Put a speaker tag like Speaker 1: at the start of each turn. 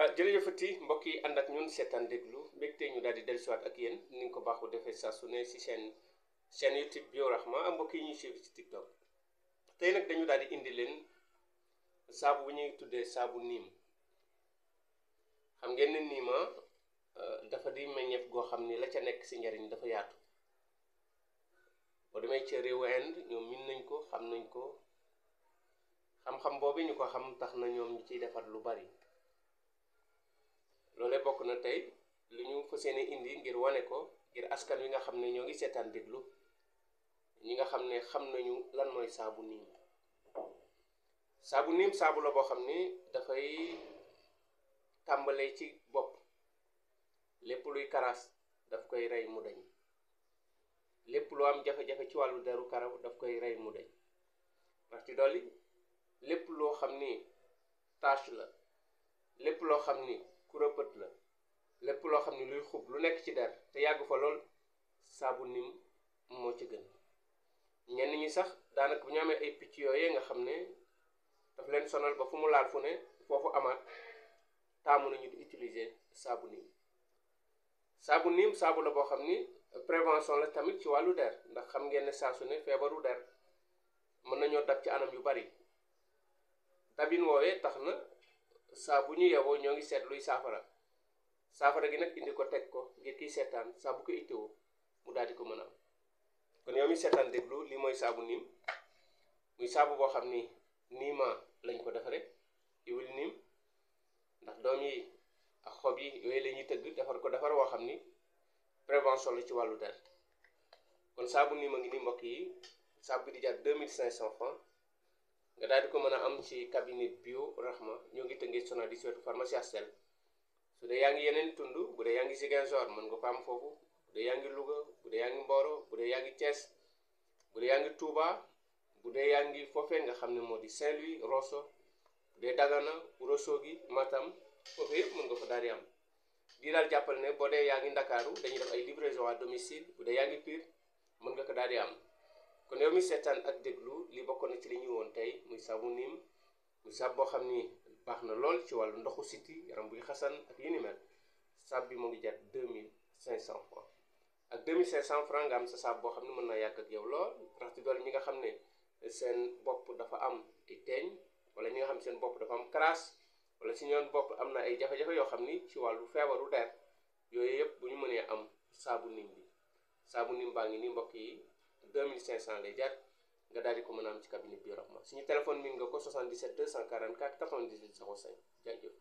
Speaker 1: Ah, jërëjëfati mbokk yi ànd ak ñun seetaan déglu mbégte ñu daal di dellusiwaat ak yéen ni nga ko baaxu defee saa su ne si seen seen YouTube Bio ma mbokk yi ñuy suivre ci TikTok tey nag dañu daal di indi leen saabu bu ñuy tuddee saabu niim xam ngeen ne niima ah, dafa di meññeef goo xam ni la ca nekk si njariñ dafa yaatu boo demee ca réewu Inde ñoom min nañ ko xam nañ ko xam-xam boobu ñu ko xam tax na ñoom ñu ciy defar lu bari loole bokk na tey lu ñu fas yéene indi ngir wane ko ngir askan wi nga xam ne ñoo ngi seetaan déglu ñi nga xam ne xam nañu lan mooy saabu niim saabu niim saabu la boo xam ni dafay tàmbalee ci bopp lépp luy karaas daf koy rey mu dañ lépp lu am jafe-jafe ci wàllu daru karaw daf koy rey mu dañ ndax ci dolli lépp loo xam ni tache la lépp loo xam ni ku rëpët la lépp loo xam ne luy xub lu nekk ci der te yàgg fa lool saabu nim moo ci gën ñenn ñi sax daanaka bu ñu amee ay picc yooyee nga xam ne dafa leen sonal ba fu mu laal fu ne foofu amaat taamu nañu di utiliser saabu nim saabu nim saabu la boo xam ni prévention la tamit ci wàllu der ndax xam ngeen ne saasu ne feebaru der mën nañoo dab ci anam yu bari dabin woowee tax na saabu ñu yeboo ñoo ngi seet luy saafara saafara gi nag indi ko teg ko ngir kiy seetaan saa bu ko ittewoo mu daal di ko mën a am kon yow mi seetaan déglu lii mooy saabu niim muy saabu boo xam ni niima lañ ko defaree iwul niim ndax doom yi ak xob yi yooyu la ñuy tëgg defar ko defar woo xam ni prévention la ci wàllu der kon saabu niim ngi ni mbokk yi saabu bi di jar deux mille cinq cent francs nga daal di ko mën a am ci cabinet bio rahma ñoo ngi tënkee sonal di si wetu pharmacie Astel su dee yaa ngi yeneen tund bu dee yaa ngi Ziguinchor mën nga ko am foofu bu dee yaa ngi Louga bu dee yaa ngi Mboro bu dee yaa ngi Thiès bu dee yaa ngi Touba bu dee yaa ngi foofee nga xam ne moo di Saint-Louis Rosso bu dee Dagana Ourossogui Matam foofu yëpp mën nga ko daal di am. di daal jàppal ne boo dee yaa ngi Ndakaaru dañuy def ay livraison à domicile bu dee yaa ngi Pire mën nga ko daal di am. kon yow mi seetaan ak déglu li bokkoon na ci li ñuy woon tey muy saabu niim muy saab boo xam ni baax na lool ci wàllu ndoxu siti yaram buy xasan ak yu ni mel saab bi mu ngi jar deux mil cinq cent franc ak deux mille cinq cent franc nga am sa saab boo xam ne mën naa yàgg ak yow lool rax ñi nga xam ne seen bopp dafa am ay teeñ wala ñi nga xam seen bopp dafa am crasse wala si ñoon bopp am na ay jafe-jafe yoo xam ni ci wàllu feebaru der yooyu yëpp bu ñu mënee am saabu niim bi saabu niim baa ngi nii mbokk yi. 2500 lay jar nga daal di ko mën a am ci cabinet bi Biorahma suñu téléphone mi nga ko 77 244 98 05 jaajëf.